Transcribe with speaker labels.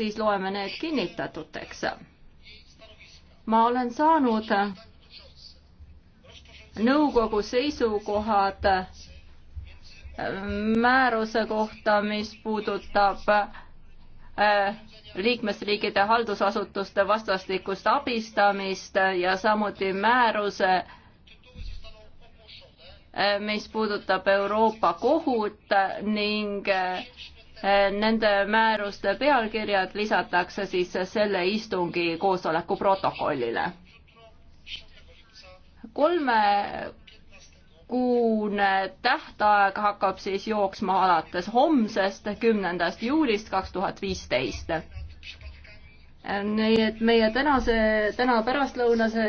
Speaker 1: siis loeme need kinnitatuteks. ma olen saanud nõukogu seisukohad määruse kohta, mis puudutab äh, liikmesriikide haldusasutuste vastastikust abistamist ja samuti määruse, äh, mis puudutab Euroopa kohut ning äh, Eh, nende määruste pealkirjad lisatakse siis selle istungi koosoleku protokollile. kolmekuune tähtaeg hakkab siis jooksma alates homsest, kümnendast juulist kaks tuhat viisteist. Eh,
Speaker 2: nii et meie tänase, täna
Speaker 3: pärastlõunase